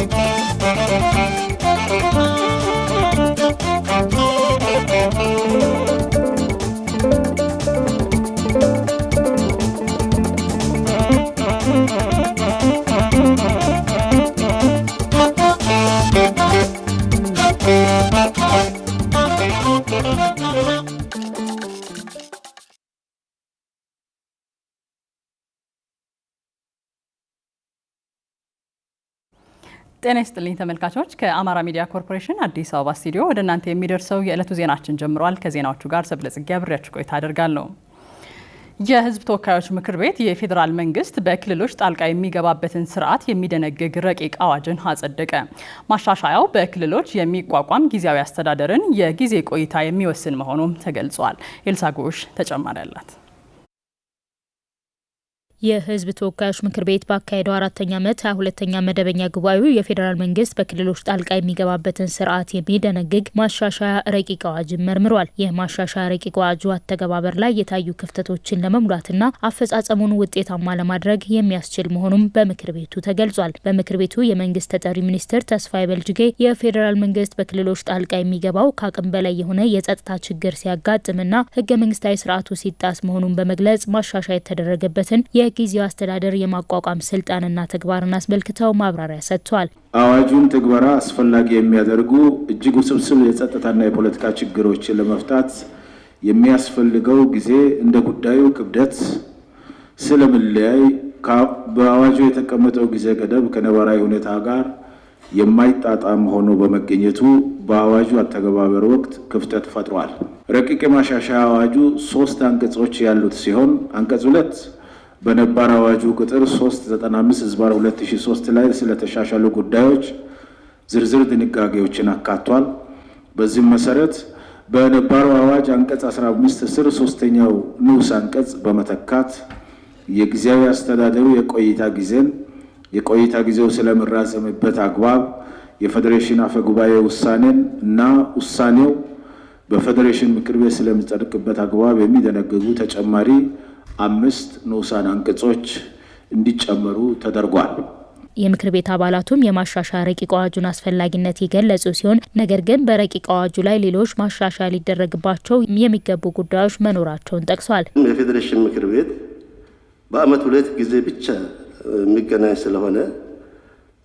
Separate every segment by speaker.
Speaker 1: Okay. ጤና ይስጥልኝ ተመልካቾች፣ ከአማራ ሚዲያ ኮርፖሬሽን አዲስ አበባ ስቱዲዮ ወደ እናንተ የሚደርሰው የዕለቱ ዜናችን ጀምሯል። ከዜናዎቹ ጋር ሰብለጽጌ አብሬያችሁ ቆይታ አደርጋለሁ። የሕዝብ ተወካዮች ምክር ቤት የፌዴራል መንግስት በክልሎች ጣልቃ የሚገባበትን ስርዓት የሚደነግግ ረቂቅ አዋጅን አጸደቀ። ማሻሻያው በክልሎች የሚቋቋም ጊዜያዊ አስተዳደርን የጊዜ ቆይታ የሚወስን መሆኑም ተገልጿል። ኤልሳ ጎሽ ተጨማሪ አላት። የህዝብ ተወካዮች ምክር ቤት ባካሄደው አራተኛ ዓመት ሀያ ሁለተኛ መደበኛ ጉባኤው የፌዴራል መንግስት በክልሎች ጣልቃ የሚገባበትን ስርዓት የሚደነግግ ማሻሻያ ረቂቅ አዋጅን መርምሯል። ይህ ማሻሻያ ረቂቅ አዋጁ አተገባበር ላይ የታዩ ክፍተቶችን ለመሙላትና አፈጻጸሙን ውጤታማ ለማድረግ የሚያስችል መሆኑም በምክር ቤቱ ተገልጿል። በምክር ቤቱ የመንግስት ተጠሪ ሚኒስትር ተስፋዬ በልጅጌ የፌዴራል መንግስት በክልሎች ጣልቃ የሚገባው ከአቅም በላይ የሆነ የጸጥታ ችግር ሲያጋጥምና ህገ መንግስታዊ ስርዓቱ ሲጣስ መሆኑን በመግለጽ ማሻሻያ የተደረገበትን የጊዜው አስተዳደር የማቋቋም ስልጣንና ተግባርን አስመልክተው ማብራሪያ ሰጥቷል።
Speaker 2: አዋጁን ትግበራ አስፈላጊ የሚያደርጉ እጅግ ውስብስብ የጸጥታና የፖለቲካ ችግሮችን ለመፍታት የሚያስፈልገው ጊዜ እንደ ጉዳዩ ክብደት ስለምለያይ በአዋጁ የተቀመጠው ጊዜ ገደብ ከነባራዊ ሁኔታ ጋር የማይጣጣም ሆኖ በመገኘቱ በአዋጁ አተገባበር ወቅት ክፍተት ፈጥሯል። ረቂቅ የማሻሻያ አዋጁ ሶስት አንቀጾች ያሉት ሲሆን አንቀጽ ሁለት በነባር አዋጁ ቁጥር 395 ህዝባር 2003 ላይ ስለተሻሻሉ ጉዳዮች ዝርዝር ድንጋጌዎችን አካቷል። በዚህም መሰረት በነባሩ አዋጅ አንቀጽ 15 ስር ሶስተኛው ንዑስ አንቀጽ በመተካት የጊዜያዊ አስተዳደሩ የቆይታ ጊዜን የቆይታ ጊዜው ስለመራዘምበት አግባብ የፌዴሬሽን አፈ ጉባኤ ውሳኔን እና ውሳኔው በፌዴሬሽን ምክር ቤት ስለሚጸድቅበት አግባብ የሚደነግጉ ተጨማሪ አምስት ንዑሳን አንቀጾች እንዲጨመሩ ተደርጓል።
Speaker 1: የምክር ቤት አባላቱም የማሻሻያ ረቂቅ አዋጁን አስፈላጊነት የገለጹ ሲሆን ነገር ግን በረቂቅ አዋጁ ላይ ሌሎች ማሻሻያ ሊደረግባቸው የሚገቡ ጉዳዮች መኖራቸውን ጠቅሷል።
Speaker 2: የፌዴሬሽን ምክር ቤት በዓመት ሁለት ጊዜ ብቻ የሚገናኝ ስለሆነ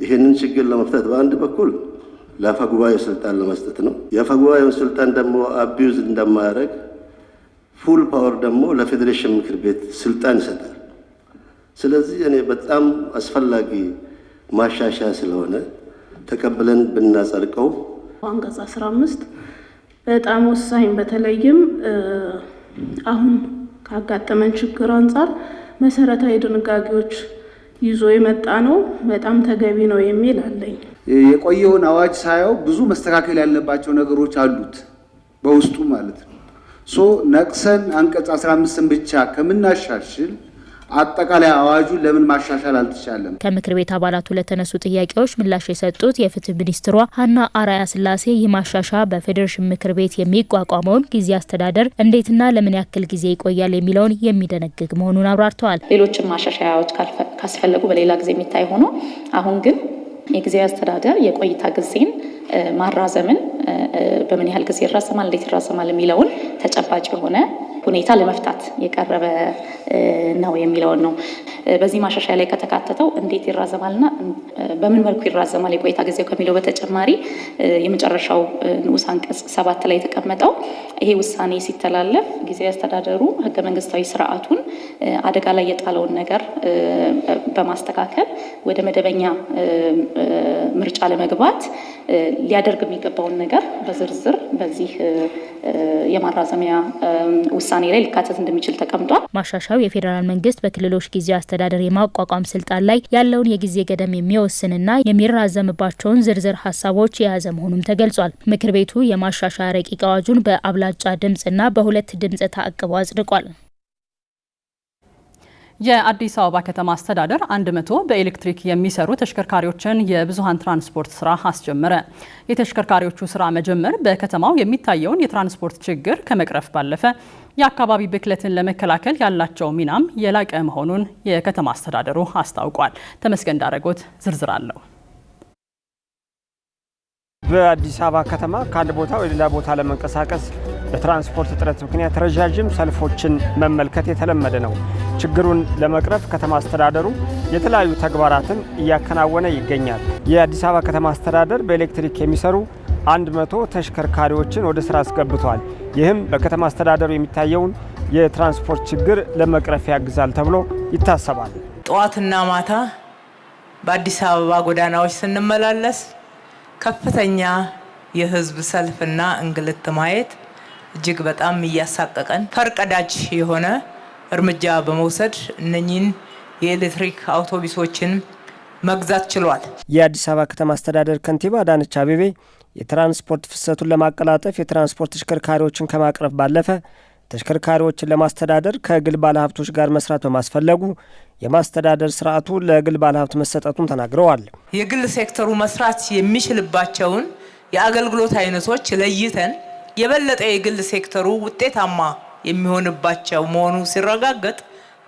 Speaker 2: ይህንን ችግር ለመፍታት በአንድ በኩል ለአፈ ጉባኤው ስልጣን ለመስጠት ነው። የአፈ ጉባኤውን ስልጣን ደግሞ አቢዩዝ እንደማያደርግ ፉል ፓወር ደግሞ ለፌዴሬሽን ምክር ቤት ስልጣን ይሰጣል። ስለዚህ እኔ በጣም አስፈላጊ ማሻሻያ ስለሆነ ተቀብለን ብናጸድቀው
Speaker 3: አንቀጽ 15 በጣም ወሳኝ በተለይም አሁን ካጋጠመን ችግር አንጻር መሰረታዊ ድንጋጌዎች ይዞ የመጣ ነው። በጣም ተገቢ ነው የሚል አለኝ።
Speaker 2: የቆየውን አዋጅ ሳየው ብዙ መስተካከል ያለባቸው ነገሮች አሉት በውስጡ ማለት ነው። ሶ ነቅሰን አንቀጽ 15ን ብቻ ከምናሻሽል አጠቃላይ አዋጁን ለምን ማሻሻል አልተቻለም?
Speaker 1: ከምክር ቤት አባላቱ ለተነሱ ጥያቄዎች ምላሽ የሰጡት የፍትህ ሚኒስትሯ ሀና አራያ ስላሴ ይህ ማሻሻ በፌዴሬሽን ምክር ቤት የሚቋቋመውን ጊዜ አስተዳደር እንዴትና ለምን ያክል ጊዜ ይቆያል የሚለውን የሚደነግግ መሆኑን አብራርተዋል።
Speaker 4: ሌሎችም ማሻሻያዎች ካስፈለጉ በሌላ ጊዜ የሚታይ ሆኖ አሁን ግን የጊዜ አስተዳደር የቆይታ ጊዜን ማራዘምን በምን ያህል ጊዜ ይራዘማል፣ እንዴት ይራዘማል የሚለውን ተጨባጭ የሆነ ሁኔታ ለመፍታት የቀረበ ነው የሚለውን ነው። በዚህ ማሻሻያ ላይ ከተካተተው እንዴት ይራዘማልና በምን መልኩ ይራዘማል የቆይታ ጊዜው ከሚለው በተጨማሪ የመጨረሻው ንዑስ አንቀጽ ሰባት ላይ የተቀመጠው ይሄ ውሳኔ ሲተላለፍ ጊዜ አስተዳደሩ ህገ መንግስታዊ ስርዓቱን አደጋ ላይ የጣለውን ነገር በማስተካከል ወደ መደበኛ ምርጫ ለመግባት ሊያደርግ የሚገባውን ነገር በዝርዝር በዚህ የማራዘሚያ ውሳኔ ውሳኔ ላይ ሊካተት እንደሚችል ተቀምጧል።
Speaker 1: ማሻሻያው የፌዴራል መንግስት በክልሎች ጊዜያዊ አስተዳደር የማቋቋም ስልጣን ላይ ያለውን የጊዜ ገደም የሚወስንና የሚራዘምባቸውን ዝርዝር ሀሳቦች የያዘ መሆኑም ተገልጿል። ምክር ቤቱ የማሻሻያ ረቂቅ አዋጁን በአብላጫ ድምፅና በሁለት ድምፅ ተአቅቦ አጽድቋል። የአዲስ አበባ ከተማ አስተዳደር 100 በኤሌክትሪክ የሚሰሩ ተሽከርካሪዎችን የብዙሃን ትራንስፖርት ስራ አስጀመረ። የተሽከርካሪዎቹ ስራ መጀመር በከተማው የሚታየውን የትራንስፖርት ችግር ከመቅረፍ ባለፈ የአካባቢ ብክለትን ለመከላከል ያላቸው ሚናም የላቀ መሆኑን የከተማ አስተዳደሩ አስታውቋል። ተመስገን ዳረጎት ዝርዝር አለው።
Speaker 5: በአዲስ አበባ ከተማ ከአንድ ቦታ ወደ ሌላ ቦታ ለመንቀሳቀስ በትራንስፖርት እጥረት ምክንያት ረዣዥም ሰልፎችን መመልከት የተለመደ ነው። ችግሩን ለመቅረፍ ከተማ አስተዳደሩ የተለያዩ ተግባራትን እያከናወነ ይገኛል። የአዲስ አበባ ከተማ አስተዳደር በኤሌክትሪክ የሚሰሩ አንድ መቶ ተሽከርካሪዎችን ወደ ስራ አስገብቷል። ይህም በከተማ አስተዳደሩ የሚታየውን የትራንስፖርት ችግር ለመቅረፍ ያግዛል ተብሎ ይታሰባል።
Speaker 6: ጠዋትና ማታ በአዲስ አበባ ጎዳናዎች ስንመላለስ ከፍተኛ የህዝብ ሰልፍና እንግልት ማየት እጅግ በጣም እያሳቀቀን ፈርቀዳጅ የሆነ እርምጃ በመውሰድ እነኚህን የኤሌክትሪክ አውቶቡሶችን መግዛት ችሏል።
Speaker 5: የአዲስ አበባ ከተማ አስተዳደር ከንቲባ አዳነች አቤቤ የትራንስፖርት ፍሰቱን ለማቀላጠፍ የትራንስፖርት ተሽከርካሪዎችን ከማቅረብ ባለፈ ተሽከርካሪዎችን ለማስተዳደር ከግል ባለሀብቶች ጋር መስራት በማስፈለጉ የማስተዳደር ስርዓቱ ለግል ባለሀብት መሰጠቱን ተናግረዋል።
Speaker 6: የግል ሴክተሩ መስራት የሚችልባቸውን የአገልግሎት አይነቶች ለይተን የበለጠ የግል ሴክተሩ ውጤታማ የሚሆንባቸው መሆኑ ሲረጋገጥ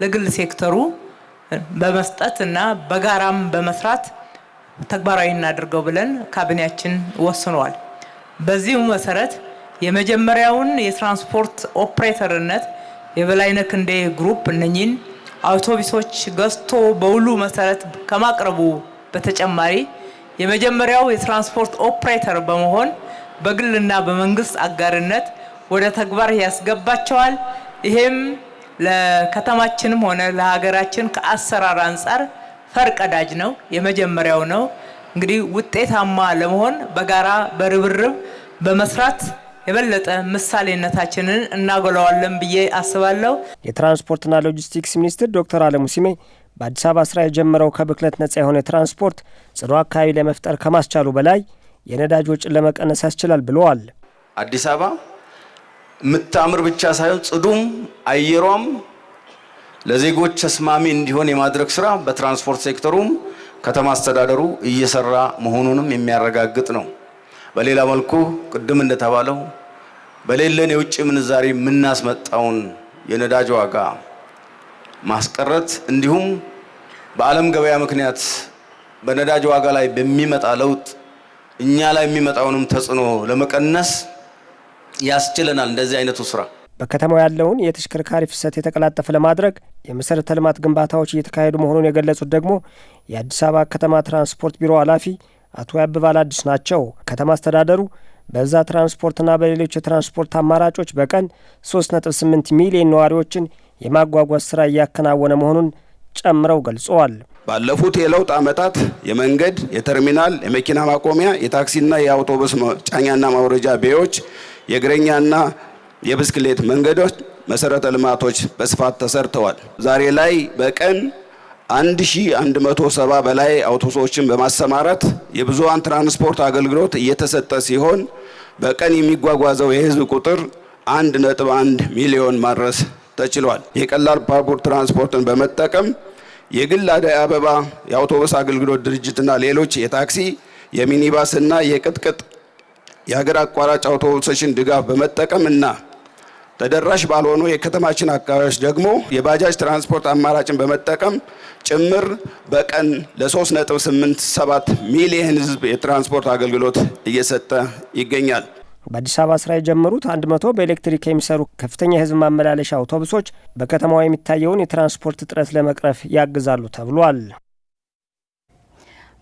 Speaker 6: ለግል ሴክተሩ በመስጠት እና በጋራም በመስራት ተግባራዊ እናድርገው ብለን ካቢኔያችን ወስኗል። በዚሁ መሰረት የመጀመሪያውን የትራንስፖርት ኦፕሬተርነት የበላይነህ ክንዴ ግሩፕ እነኚህን አውቶቡሶች ገዝቶ በውሉ መሰረት ከማቅረቡ በተጨማሪ የመጀመሪያው የትራንስፖርት ኦፕሬተር በመሆን በግልና በመንግስት አጋርነት ወደ ተግባር ያስገባቸዋል። ይሄም ለከተማችንም ሆነ ለሀገራችን ከአሰራር አንጻር ፈርቀዳጅ ነው፣ የመጀመሪያው ነው። እንግዲህ ውጤታማ ለመሆን በጋራ በርብርብ በመስራት የበለጠ ምሳሌነታችንን እናጎላዋለን ብዬ አስባለሁ።
Speaker 5: የትራንስፖርትና ሎጂስቲክስ ሚኒስትር ዶክተር አለሙ ሲሜ በአዲስ አበባ ስራ የጀመረው ከብክለት ነጻ የሆነ ትራንስፖርት ጽዱ አካባቢ ለመፍጠር ከማስቻሉ በላይ የነዳጅ ወጪን ለመቀነስ ያስችላል ብለዋል።
Speaker 7: አዲስ አበባ የምታምር ብቻ ሳይሆን ጽዱም አየሯም ለዜጎች ተስማሚ እንዲሆን የማድረግ ስራ በትራንስፖርት ሴክተሩም ከተማ አስተዳደሩ እየሰራ መሆኑንም የሚያረጋግጥ ነው። በሌላ መልኩ ቅድም እንደተባለው በሌለን የውጭ ምንዛሪ የምናስመጣውን የነዳጅ ዋጋ ማስቀረት እንዲሁም በዓለም ገበያ ምክንያት በነዳጅ ዋጋ ላይ በሚመጣ ለውጥ እኛ ላይ የሚመጣውንም ተጽዕኖ ለመቀነስ ያስችለናል። እንደዚህ አይነቱ ስራ
Speaker 5: በከተማው ያለውን የተሽከርካሪ ፍሰት የተቀላጠፈ ለማድረግ የመሰረተ ልማት ግንባታዎች እየተካሄዱ መሆኑን የገለጹት ደግሞ የአዲስ አበባ ከተማ ትራንስፖርት ቢሮ ኃላፊ አቶ ያብባል አዲስ ናቸው። ከተማ አስተዳደሩ በዛ ትራንስፖርትና በሌሎች የትራንስፖርት አማራጮች በቀን 3.8 ሚሊዮን ነዋሪዎችን የማጓጓዝ ስራ እያከናወነ መሆኑን ጨምረው ገልጸዋል።
Speaker 7: ባለፉት የለውጥ ዓመታት የመንገድ፣ የተርሚናል፣ የመኪና ማቆሚያ፣ የታክሲና የአውቶቡስ ጫኛና ማውረጃ ቤዎች የእግረኛና የብስክሌት መንገዶች፣ መሰረተ ልማቶች በስፋት ተሰርተዋል። ዛሬ ላይ በቀን 1170 በላይ አውቶቡሶችን በማሰማራት የብዙሃን ትራንስፖርት አገልግሎት እየተሰጠ ሲሆን በቀን የሚጓጓዘው የህዝብ ቁጥር 1.1 ሚሊዮን ማድረስ ተችሏል። የቀላል ባቡር ትራንስፖርትን በመጠቀም የግል አደይ አበባ የአውቶቡስ አገልግሎት ድርጅትና ሌሎች የታክሲ የሚኒባስና የቅጥቅጥ የሀገር አቋራጭ አውቶቡሶችን ድጋፍ በመጠቀም እና ተደራሽ ባልሆኑ የከተማችን አካባቢዎች ደግሞ የባጃጅ ትራንስፖርት አማራጭን በመጠቀም ጭምር በቀን ለ3.87 ሚሊየን ህዝብ የትራንስፖርት አገልግሎት እየሰጠ ይገኛል።
Speaker 5: በአዲስ አበባ ስራ የጀመሩት 100 በኤሌክትሪክ የሚሰሩ ከፍተኛ የህዝብ ማመላለሻ አውቶቡሶች በከተማዋ የሚታየውን የትራንስፖርት እጥረት ለመቅረፍ ያግዛሉ ተብሏል።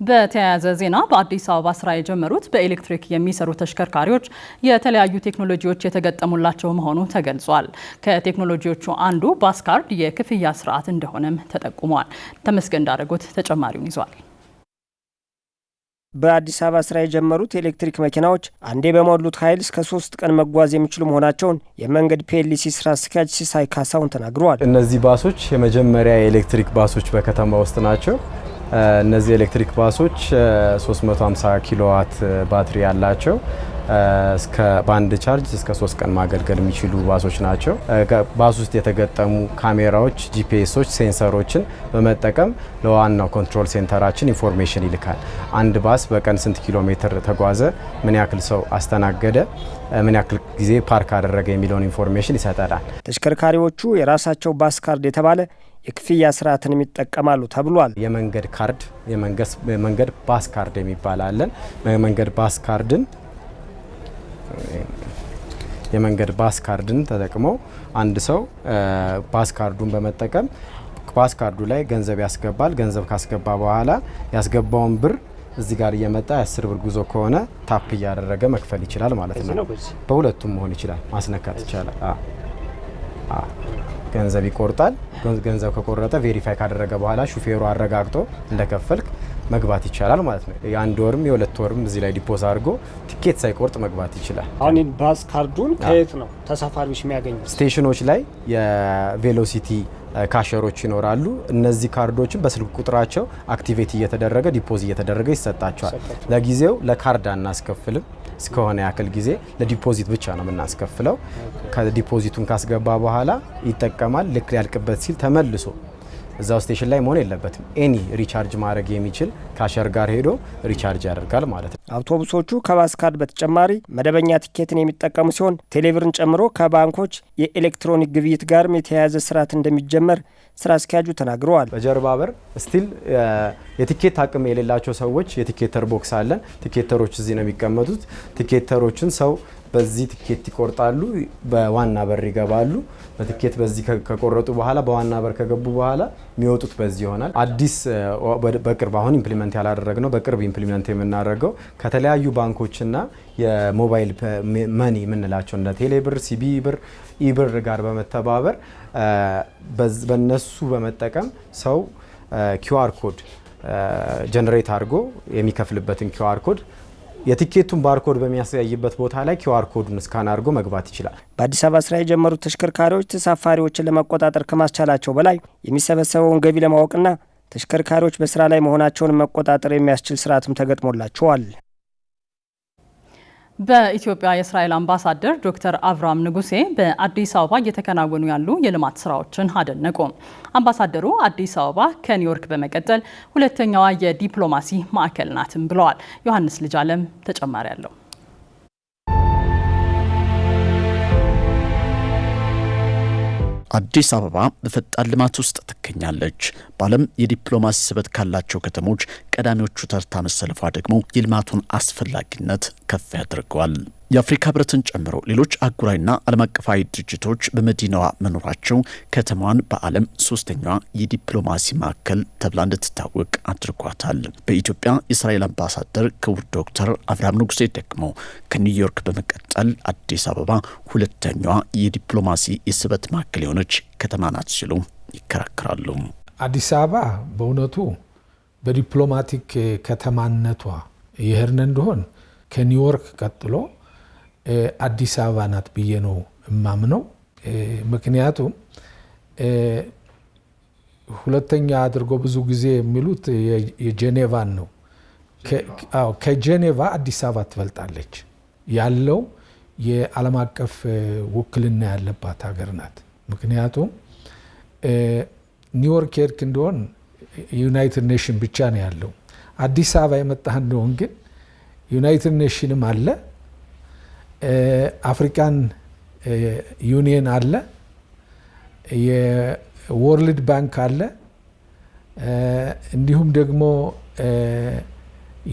Speaker 1: በተያያዘ ዜና በአዲስ አበባ ስራ የጀመሩት በኤሌክትሪክ የሚሰሩ ተሽከርካሪዎች የተለያዩ ቴክኖሎጂዎች የተገጠሙላቸው መሆኑ ተገልጿል። ከቴክኖሎጂዎቹ አንዱ ባስካርድ የክፍያ ስርዓት እንደሆነም ተጠቁሟል። ተመስገን እንዳደረጉት ተጨማሪውን ይዟል።
Speaker 5: በአዲስ አበባ ስራ የጀመሩት ኤሌክትሪክ መኪናዎች አንዴ በሞሉት ኃይል እስከ ሶስት ቀን መጓዝ የሚችሉ መሆናቸውን የመንገድ ፒኤልሲ ስራ አስኪያጅ ሲሳይ ካሳውን ተናግረዋል።
Speaker 8: እነዚህ ባሶች የመጀመሪያ የኤሌክትሪክ ባሶች በከተማ ውስጥ ናቸው። እነዚህ ኤሌክትሪክ ባሶች 350 ኪሎዋት ባትሪ ያላቸው እስከ በአንድ ቻርጅ እስከ ሶስት ቀን ማገልገል የሚችሉ ባሶች ናቸው። ባስ ውስጥ የተገጠሙ ካሜራዎች፣ ጂፒኤሶች፣ ሴንሰሮችን በመጠቀም ለዋናው ኮንትሮል ሴንተራችን ኢንፎርሜሽን ይልካል። አንድ ባስ በቀን ስንት ኪሎ ሜትር ተጓዘ፣ ምን ያክል ሰው አስተናገደ፣ ምን ያክል ጊዜ ፓርክ አደረገ የሚለውን ኢንፎርሜሽን ይሰጠናል።
Speaker 5: ተሽከርካሪዎቹ የራሳቸው ባስ ካርድ የተባለ የክፍያ ስርዓትንም ይጠቀማሉ ተብሏል።
Speaker 8: የመንገድ ካርድ የመንገድ ባስ ካርድ የሚባል አለን። የመንገድ ባስ ካርድን የመንገድ ባስ ካርድን ተጠቅመው አንድ ሰው ባስ ካርዱን በመጠቀም ባስ ካርዱ ላይ ገንዘብ ያስገባል። ገንዘብ ካስገባ በኋላ ያስገባውን ብር እዚህ ጋር እየመጣ የአስር ብር ጉዞ ከሆነ ታፕ እያደረገ መክፈል ይችላል ማለት ነው። በሁለቱም መሆን ይችላል፣ ማስነካት ይቻላል። ገንዘብ ይቆርጣል። ገንዘብ ከቆረጠ ቬሪፋይ ካደረገ በኋላ ሹፌሩ አረጋግጦ እንደከፈልክ መግባት ይቻላል ማለት ነው። የአንድ ወርም የሁለት ወርም እዚህ ላይ ዲፖዝ አድርጎ ትኬት ሳይቆርጥ መግባት ይችላል።
Speaker 9: አሁን ባስ ካርዱን ከየት ነው ተሳፋሪዎች የሚያገኙ?
Speaker 8: ስቴሽኖች ላይ የቬሎሲቲ ካሸሮች ይኖራሉ። እነዚህ ካርዶችን በስልክ ቁጥራቸው አክቲቬት እየተደረገ ዲፖዝ እየተደረገ ይሰጣቸዋል። ለጊዜው ለካርድ አናስከፍልም። እስከሆነ ያክል ጊዜ ለዲፖዚት ብቻ ነው የምናስከፍለው። ከዲፖዚቱን ካስገባ በኋላ ይጠቀማል። ልክ ሊያልቅበት ሲል ተመልሶ እዛው ስቴሽን ላይ መሆን የለበትም። ኤኒ ሪቻርጅ ማድረግ የሚችል ካሸር ጋር ሄዶ ሪቻርጅ ያደርጋል ማለት ነው።
Speaker 5: አውቶቡሶቹ ከባስ ካርድ በተጨማሪ መደበኛ ቲኬትን የሚጠቀሙ ሲሆን ቴሌብርን ጨምሮ ከባንኮች የኤሌክትሮኒክ ግብይት ጋርም የተያያዘ ስርዓት እንደሚጀመር ስራ አስኪያጁ ተናግረዋል።
Speaker 8: በጀርባ በር ስቲል የቲኬት አቅም የሌላቸው ሰዎች የቲኬተር ቦክስ አለን። ቲኬተሮች እዚህ ነው የሚቀመጡት። ቲኬተሮችን ሰው በዚህ ትኬት ይቆርጣሉ፣ በዋና በር ይገባሉ። በትኬት በዚህ ከቆረጡ በኋላ በዋና በር ከገቡ በኋላ የሚወጡት በዚህ ይሆናል። አዲስ በቅርብ አሁን ኢምፕሊመንት ያላደረግ ነው በቅርብ ኢምፕሊመንት የምናደርገው ከተለያዩ ባንኮችና የሞባይል መኒ የምንላቸው እንደ ቴሌብር፣ ሲቢ ብር፣ ኢብር ጋር በመተባበር በነሱ በመጠቀም ሰው ኪዋር ኮድ ጀነሬት አድርጎ የሚከፍልበትን ኪዋር ኮድ የቲኬቱን ባርኮድ በሚያሳይበት ቦታ ላይ ኪዋር ኮዱን እስካን አድርጎ መግባት ይችላል።
Speaker 5: በአዲስ አበባ ስራ የጀመሩት ተሽከርካሪዎች ተሳፋሪዎችን ለመቆጣጠር ከማስቻላቸው በላይ የሚሰበሰበውን ገቢ ለማወቅና ተሽከርካሪዎች በስራ ላይ መሆናቸውን መቆጣጠር የሚያስችል ስርዓትም ተገጥሞላቸዋል።
Speaker 1: በኢትዮጵያ የእስራኤል አምባሳደር ዶክተር አብርሃም ንጉሴ በአዲስ አበባ እየተከናወኑ ያሉ የልማት ስራዎችን አደነቁ። አምባሳደሩ አዲስ አበባ ከኒውዮርክ በመቀጠል ሁለተኛዋ የዲፕሎማሲ ማዕከል ናትም ብለዋል። ዮሐንስ ልጅ አለም ተጨማሪ አለው።
Speaker 10: አዲስ አበባ በፈጣን ልማት ውስጥ ትገኛለች። በዓለም የዲፕሎማሲ ስበት ካላቸው ከተሞች ቀዳሚዎቹ ተርታ መሰለፏ ደግሞ የልማቱን አስፈላጊነት ከፍ ያደርገዋል። የአፍሪካ ህብረትን ጨምሮ ሌሎች አጉራይና ዓለም አቀፋዊ ድርጅቶች በመዲናዋ መኖራቸው ከተማዋን በዓለም ሶስተኛዋ የዲፕሎማሲ ማዕከል ተብላ እንድትታወቅ አድርጓታል። በኢትዮጵያ የእስራኤል አምባሳደር ክቡር ዶክተር አብርሃም ንጉሴ ደግሞ ከኒውዮርክ በመቀጠል አዲስ አበባ ሁለተኛዋ የዲፕሎማሲ የስበት ማዕከል የሆነች ከተማ ናት ሲሉ ይከራከራሉ።
Speaker 11: አዲስ አበባ በእውነቱ በዲፕሎማቲክ ከተማነቷ ይህርን እንደሆን ከኒውዮርክ ቀጥሎ አዲስ አበባ ናት ብዬ ነው እማምነው። ምክንያቱም ሁለተኛ አድርጎ ብዙ ጊዜ የሚሉት የጄኔቫን ነው። ከጄኔቫ አዲስ አበባ ትበልጣለች ያለው የዓለም አቀፍ ውክልና ያለባት ሀገር ናት። ምክንያቱም ኒውዮርክ ሄድክ እንደሆን ዩናይትድ ኔሽን ብቻ ነው ያለው። አዲስ አበባ የመጣህ እንደሆን ግን ዩናይትድ ኔሽንም አለ አፍሪካን ዩኒየን አለ፣ የወርልድ ባንክ አለ፣ እንዲሁም ደግሞ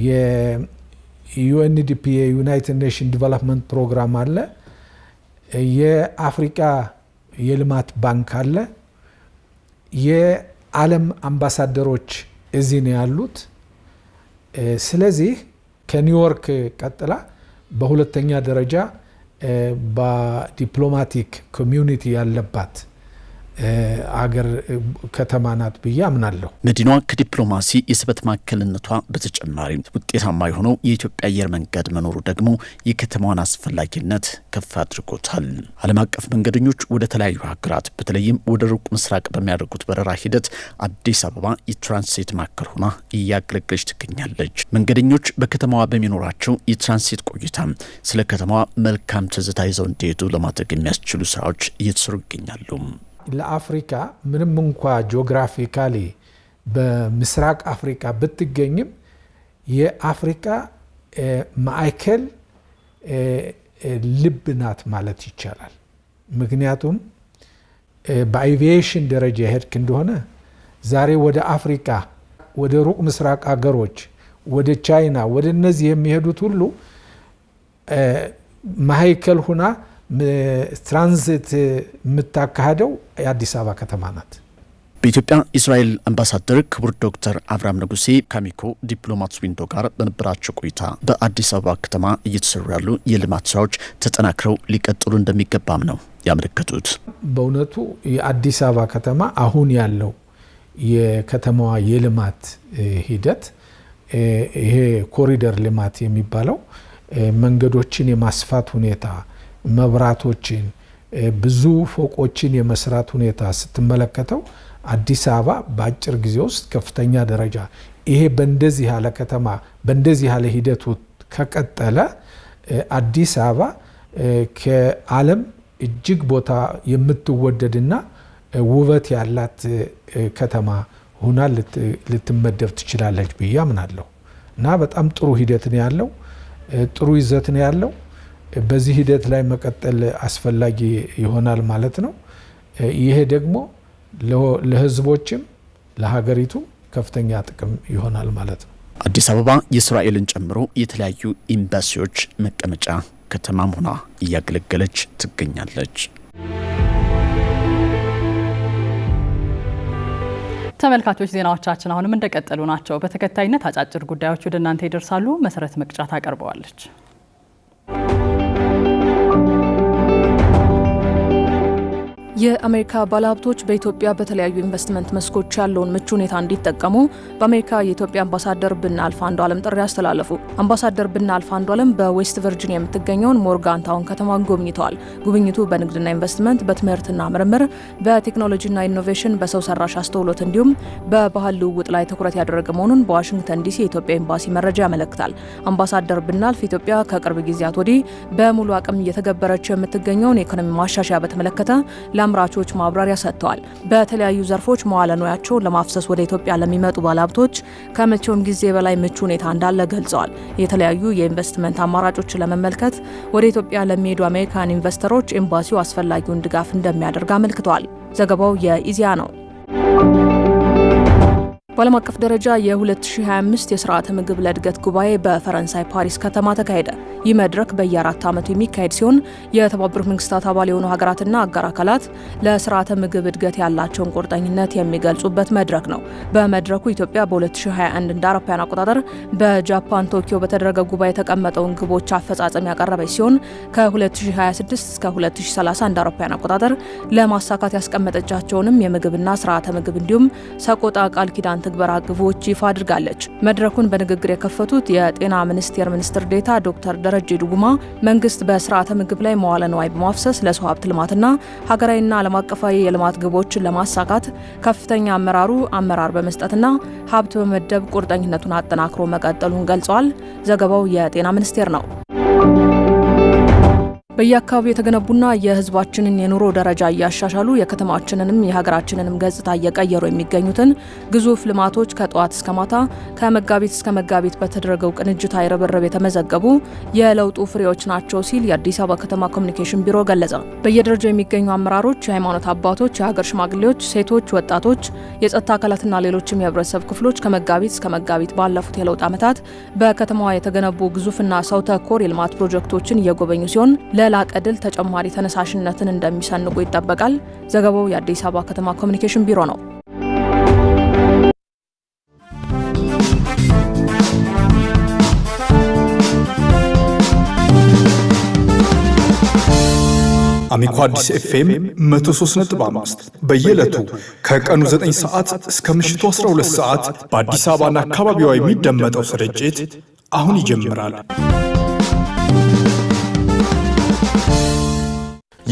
Speaker 11: የዩኤንዲፒ የዩናይትድ ኔሽን ዲቨሎፕመንት ፕሮግራም አለ፣ የአፍሪካ የልማት ባንክ አለ። የዓለም አምባሳደሮች እዚህ ነው ያሉት። ስለዚህ ከኒውዮርክ ቀጥላ በሁለተኛ ደረጃ በዲፕሎማቲክ ኮሚዩኒቲ ያለባት አገር ከተማ ናት ብዬ አምናለሁ።
Speaker 10: መዲናዋ ከዲፕሎማሲ የስበት ማዕከልነቷ በተጨማሪ ውጤታማ የሆነው የኢትዮጵያ አየር መንገድ መኖሩ ደግሞ የከተማዋን አስፈላጊነት ከፍ አድርጎታል። ዓለም አቀፍ መንገደኞች ወደ ተለያዩ ሀገራት በተለይም ወደ ሩቅ ምስራቅ በሚያደርጉት በረራ ሂደት አዲስ አበባ የትራንሲት ማዕከል ሆና እያገለገለች ትገኛለች። መንገደኞች በከተማዋ በሚኖራቸው የትራንሲት ቆይታ ስለ ከተማዋ መልካም ትዝታ ይዘው እንዲሄዱ ለማድረግ የሚያስችሉ ስራዎች እየተሰሩ ይገኛሉ።
Speaker 11: ለአፍሪካ ምንም እንኳ ጂኦግራፊካሊ በምስራቅ አፍሪካ ብትገኝም የአፍሪካ ማዕከል ልብ ናት ማለት ይቻላል። ምክንያቱም በአቪዬሽን ደረጃ የሄድክ እንደሆነ ዛሬ ወደ አፍሪካ ወደ ሩቅ ምስራቅ አገሮች፣ ወደ ቻይና፣ ወደ እነዚህ የሚሄዱት ሁሉ ማዕከል ሁና ትራንዚት የምታካሄደው የአዲስ አበባ ከተማ ናት።
Speaker 10: በኢትዮጵያ እስራኤል አምባሳደር ክቡር ዶክተር አብርሃም ንጉሴ ከአሚኮ ዲፕሎማት ዊንዶ ጋር በነበራቸው ቆይታ በአዲስ አበባ ከተማ እየተሰሩ ያሉ የልማት ስራዎች ተጠናክረው ሊቀጥሉ እንደሚገባም ነው ያመለከቱት።
Speaker 11: በእውነቱ የአዲስ አበባ ከተማ አሁን ያለው የከተማዋ የልማት ሂደት ይሄ ኮሪደር ልማት የሚባለው መንገዶችን የማስፋት ሁኔታ መብራቶችን፣ ብዙ ፎቆችን የመስራት ሁኔታ ስትመለከተው አዲስ አበባ በአጭር ጊዜ ውስጥ ከፍተኛ ደረጃ ይሄ በእንደዚህ ያለ ከተማ በእንደዚህ ያለ ሂደቱ ከቀጠለ አዲስ አበባ ከዓለም እጅግ ቦታ የምትወደድና ውበት ያላት ከተማ ሁና ልትመደብ ትችላለች ብዬ አምናለሁ እና በጣም ጥሩ ሂደት ነው ያለው። ጥሩ ይዘት ነው ያለው። በዚህ ሂደት ላይ መቀጠል አስፈላጊ ይሆናል ማለት ነው። ይሄ ደግሞ ለህዝቦችም ለሀገሪቱ ከፍተኛ ጥቅም ይሆናል ማለት ነው።
Speaker 10: አዲስ አበባ የእስራኤልን ጨምሮ የተለያዩ ኤምባሲዎች መቀመጫ ከተማም ሆና እያገለገለች ትገኛለች።
Speaker 1: ተመልካቾች ዜናዎቻችን አሁንም እንደቀጠሉ ናቸው። በተከታይነት አጫጭር ጉዳዮች ወደ እናንተ ይደርሳሉ። መሰረት መቅጫት አቀርበዋለች። የአሜሪካ ባለሀብቶች በኢትዮጵያ በተለያዩ ኢንቨስትመንት መስኮች ያለውን ምቹ ሁኔታ እንዲጠቀሙ በአሜሪካ የኢትዮጵያ አምባሳደር ብናልፍ አለም ጥሪ አስተላለፉ። አምባሳደር ብናልፍ አለም በዌስት ቨርጂኒያ የምትገኘውን ሞርጋን ታውን ከተማ ጎብኝተዋል። ጉብኝቱ በንግድና ኢንቨስትመንት፣ በትምህርትና ምርምር፣ በቴክኖሎጂና ኢኖቬሽን፣ በሰው ሰራሽ አስተውሎት እንዲሁም በባህል ልውውጥ ላይ ትኩረት ያደረገ መሆኑን በዋሽንግተን ዲሲ የኢትዮጵያ ኤምባሲ መረጃ ያመለክታል። አምባሳደር ብናልፍ ኢትዮጵያ ከቅርብ ጊዜያት ወዲህ በሙሉ አቅም እየተገበረችው የምትገኘውን የኢኮኖሚ ማሻሻያ በተመለከተ አምራቾች ማብራሪያ ሰጥተዋል። በተለያዩ ዘርፎች መዋለ ንዋያቸውን ለማፍሰስ ወደ ኢትዮጵያ ለሚመጡ ባለሀብቶች ከመቼውም ጊዜ በላይ ምቹ ሁኔታ እንዳለ ገልጸዋል። የተለያዩ የኢንቨስትመንት አማራጮችን ለመመልከት ወደ ኢትዮጵያ ለሚሄዱ አሜሪካን ኢንቨስተሮች ኤምባሲው አስፈላጊውን ድጋፍ እንደሚያደርግ አመልክተዋል። ዘገባው የኢዜአ ነው። በዓለም አቀፍ ደረጃ የ2025 የስርዓተ ምግብ ለእድገት ጉባኤ በፈረንሳይ ፓሪስ ከተማ ተካሄደ። ይህ መድረክ በየአራት ዓመቱ የሚካሄድ ሲሆን የተባበሩት መንግስታት አባል የሆኑ ሀገራትና አጋር አካላት ለስርዓተ ምግብ እድገት ያላቸውን ቁርጠኝነት የሚገልጹበት መድረክ ነው። በመድረኩ ኢትዮጵያ በ2021 እንደ አውሮፓውያን አቆጣጠር በጃፓን ቶኪዮ በተደረገ ጉባኤ የተቀመጠውን ግቦች አፈጻጸም ያቀረበች ሲሆን ከ2026 እስከ 2030 እንደ አውሮፓውያን አቆጣጠር ለማሳካት ያስቀመጠቻቸውንም የምግብና ስርዓተ ምግብ እንዲሁም ሰቆጣ ቃል ኪዳን ትግበራ ግቦች ይፋ አድርጋለች። መድረኩን በንግግር የከፈቱት የጤና ሚኒስቴር ሚኒስትር ዴታ ዶክተር ደረጀ ድጉማ መንግስት በስርዓተ ምግብ ላይ መዋለ ንዋይ በማፍሰስ ለሰው ሀብት ልማትና ሀገራዊና ዓለም አቀፋዊ የልማት ግቦችን ለማሳካት ከፍተኛ አመራሩ አመራር በመስጠትና ሀብት በመደብ ቁርጠኝነቱን አጠናክሮ መቀጠሉን ገልጸዋል። ዘገባው የጤና ሚኒስቴር ነው። በየአካባቢው የተገነቡና የህዝባችንን የኑሮ ደረጃ እያሻሻሉ የከተማችንንም የሀገራችንንም ገጽታ እየቀየሩ የሚገኙትን ግዙፍ ልማቶች ከጠዋት እስከ ማታ ከመጋቢት እስከ መጋቢት በተደረገው ቅንጅታዊ ርብርብ የተመዘገቡ የለውጡ ፍሬዎች ናቸው ሲል የአዲስ አበባ ከተማ ኮሚኒኬሽን ቢሮ ገለጸ። በየደረጃው የሚገኙ አመራሮች፣ የሃይማኖት አባቶች፣ የሀገር ሽማግሌዎች፣ ሴቶች፣ ወጣቶች፣ የጸጥታ አካላትና ሌሎችም የህብረተሰብ ክፍሎች ከመጋቢት እስከ መጋቢት ባለፉት የለውጥ ዓመታት በከተማዋ የተገነቡ ግዙፍና ሰው ተኮር የልማት ፕሮጀክቶችን እየጎበኙ ሲሆን ለላቀ ድል ተጨማሪ ተነሳሽነትን እንደሚሰንቁ ይጠበቃል። ዘገባው የአዲስ አበባ ከተማ ኮሚኒኬሽን ቢሮ ነው።
Speaker 12: አሚኮ አዲስ ኤፍኤም 103.5 በየዕለቱ ከቀኑ 9 ሰዓት እስከ ምሽቱ 12 ሰዓት በአዲስ አበባና አካባቢዋ የሚደመጠው ስርጭት አሁን ይጀምራል።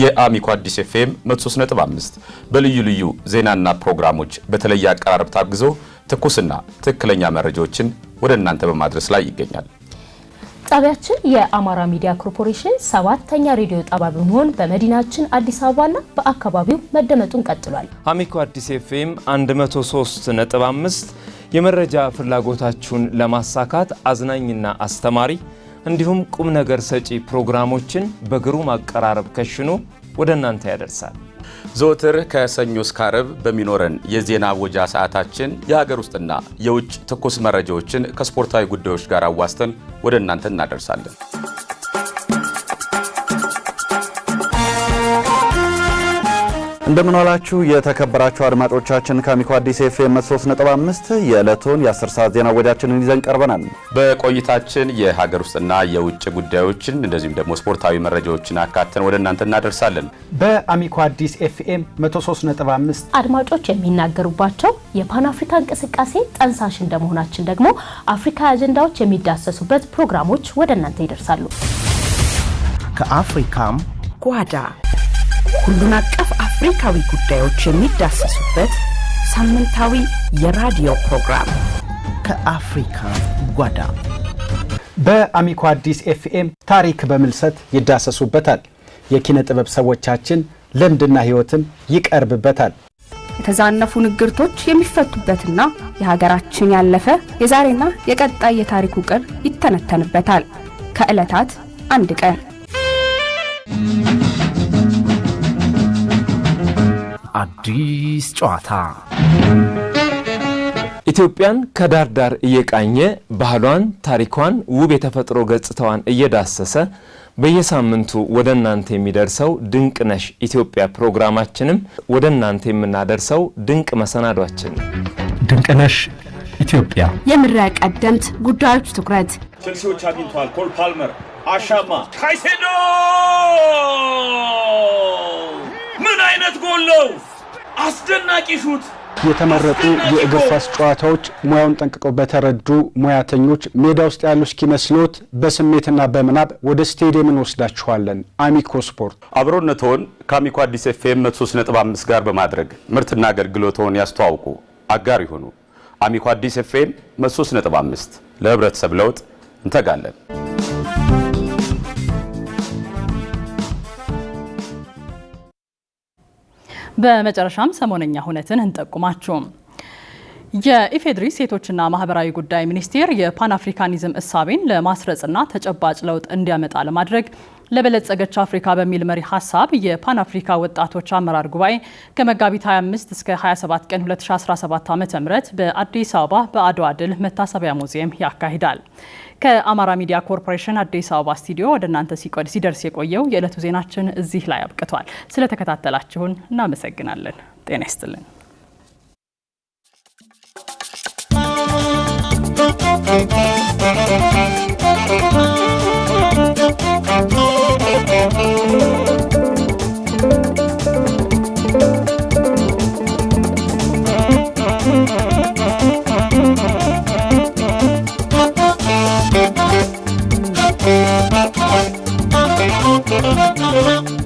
Speaker 13: የአሚኮ አዲስ ኤፍኤም 135 በልዩ ልዩ ዜናና ፕሮግራሞች በተለየ አቀራረብ ታግዞ ትኩስና ትክክለኛ መረጃዎችን ወደ እናንተ በማድረስ ላይ ይገኛል።
Speaker 1: ጣቢያችን የአማራ ሚዲያ ኮርፖሬሽን ሰባተኛ ሬዲዮ ጣቢያ በመሆን በመዲናችን አዲስ አበባና በአካባቢው መደመጡን ቀጥሏል።
Speaker 14: አሚኮ አዲስ ኤፍኤም 103.5 የመረጃ ፍላጎታችሁን ለማሳካት አዝናኝና አስተማሪ እንዲሁም ቁም ነገር ሰጪ ፕሮግራሞችን በግሩም አቀራረብ ከሽኑ ወደ እናንተ ያደርሳል።
Speaker 13: ዘወትር ከሰኞ እስከ በሚኖረን የዜና ወጃ ሰዓታችን የሀገር ውስጥና የውጭ ትኩስ መረጃዎችን ከስፖርታዊ ጉዳዮች ጋር አዋስተን ወደ እናንተ እናደርሳለን። እንደምንዋላችሁ የተከበራችሁ አድማጮቻችን ከአሚኮ አዲስ ኤፍኤም 103.5 የዕለቱን የ10 ሰዓት ዜና ወዳችንን ይዘን ቀርበናል። በቆይታችን የሀገር ውስጥና የውጭ ጉዳዮችን እንደዚሁም ደግሞ ስፖርታዊ መረጃዎችን አካተን ወደ እናንተ እናደርሳለን።
Speaker 12: በአሚኮ አዲስ ኤፍኤም 103.5
Speaker 1: አድማጮች የሚናገሩባቸው የፓን አፍሪካ እንቅስቃሴ ጠንሳሽ እንደመሆናችን ደግሞ አፍሪካ አጀንዳዎች የሚዳሰሱበት ፕሮግራሞች ወደ እናንተ ይደርሳሉ።
Speaker 15: ከአፍሪካም ጓዳ ሁሉን አቀፍ አፍሪካዊ ጉዳዮች የሚዳሰሱበት ሳምንታዊ የራዲዮ ፕሮግራም ከአፍሪካ ጓዳ
Speaker 12: በአሚኮ አዲስ ኤፍኤም ታሪክ በምልሰት ይዳሰሱበታል። የኪነ ጥበብ ሰዎቻችን ልምድና ሕይወትም ይቀርብበታል።
Speaker 1: የተዛነፉ ንግርቶች የሚፈቱበትና የሀገራችን ያለፈ የዛሬና የቀጣይ የታሪክ ውቅር ይተነተንበታል። ከዕለታት አንድ ቀን
Speaker 16: አዲስ ጨዋታ
Speaker 14: ኢትዮጵያን ከዳር ዳር እየቃኘ ባህሏን፣ ታሪኳን፣ ውብ የተፈጥሮ ገጽታዋን እየዳሰሰ በየሳምንቱ ወደ እናንተ የሚደርሰው ድንቅ ነሽ ኢትዮጵያ ፕሮግራማችንም ወደ እናንተ የምናደርሰው ድንቅ መሰናዷችን
Speaker 16: ነሽ ኢትዮጵያ
Speaker 1: የምድረ ቀደምት ጉዳዮች ትኩረት
Speaker 17: ቸልሲዎች አግኝተዋል። ኮል ፓልመር አሻማ ካይሴዶ ምን አይነት ጎል ነው! አስደናቂ ሹት
Speaker 14: የተመረጡ የእግር ኳስ ጨዋታዎች ሙያውን ጠንቅቀው በተረዱ ሙያተኞች ሜዳ ውስጥ ያሉ እስኪመስሎት በስሜትና በምናብ ወደ ስቴዲየም እንወስዳችኋለን። አሚኮ ስፖርት
Speaker 13: አብሮነትዎን ከአሚኮ አዲስ ኤፍኤም አምስት ጋር በማድረግ ምርትና አገልግሎትዎን ያስተዋውቁ፣ አጋር ይሁኑ። አሚኮ አዲስ ኤፍኤም አምስት ለህብረተሰብ ለውጥ እንተጋለን።
Speaker 1: በመጨረሻም ሰሞነኛ ሁነትን እንጠቁማችሁ። የኢፌድሪ ሴቶችና ማህበራዊ ጉዳይ ሚኒስቴር የፓን አፍሪካኒዝም እሳቤን ለማስረጽና ተጨባጭ ለውጥ እንዲያመጣ ለማድረግ ለበለጸገች አፍሪካ በሚል መሪ ሀሳብ የፓን አፍሪካ ወጣቶች አመራር ጉባኤ ከመጋቢት 25 እስከ 27 ቀን 2017 ዓ.ም በአዲስ አበባ በአድዋ ድል መታሰቢያ ሙዚየም ያካሂዳል። ከአማራ ሚዲያ ኮርፖሬሽን አዲስ አበባ ስቱዲዮ ወደ እናንተ ሲደርስ የቆየው የዕለቱ ዜናችን እዚህ ላይ አብቅቷል። ስለተከታተላችሁን እናመሰግናለን። ጤና ይስጥልን። Thank you.